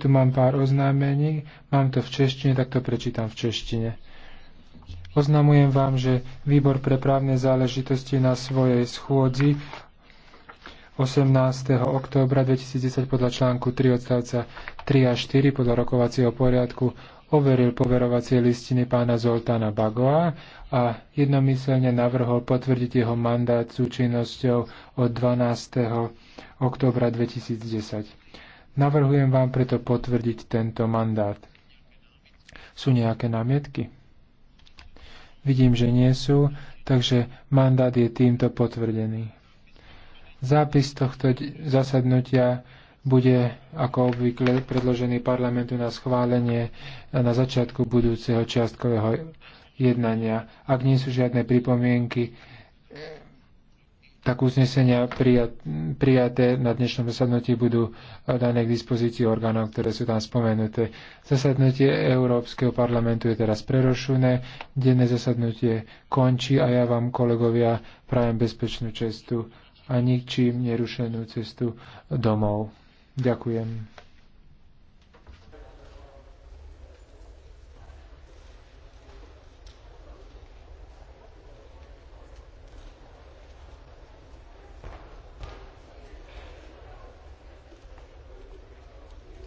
Tu mám pár oznámení, mám to v češtine, tak to prečítam v češtine. Oznamujem vám, že Výbor pre právne záležitosti na svojej schôdzi 18. októbra 2010 podľa článku 3 odstavca 3 a 4 podľa rokovacieho poriadku overil poverovacie listiny pána Zoltána Bagoa a jednomyselne navrhol potvrdiť jeho mandát účinnosťou od 12. oktobra 2010. Navrhujem vám preto potvrdiť tento mandát. Sú nejaké námietky? Vidím, že nie sú, takže mandát je týmto potvrdený. Zápis tohto zasadnutia bude ako obvykle predložený parlamentu na schválenie na začiatku budúceho čiastkového jednania. Ak nie sú žiadne pripomienky, tak uznesenia prijaté na dnešnom zasadnutí budú dané k dispozícii orgánov, ktoré sú tam spomenuté. Zasadnutie Európskeho parlamentu je teraz prerušené, denné zasadnutie končí a ja vám, kolegovia, prajem bezpečnú cestu a ničím nerušenú cestu domov. Ďakujem.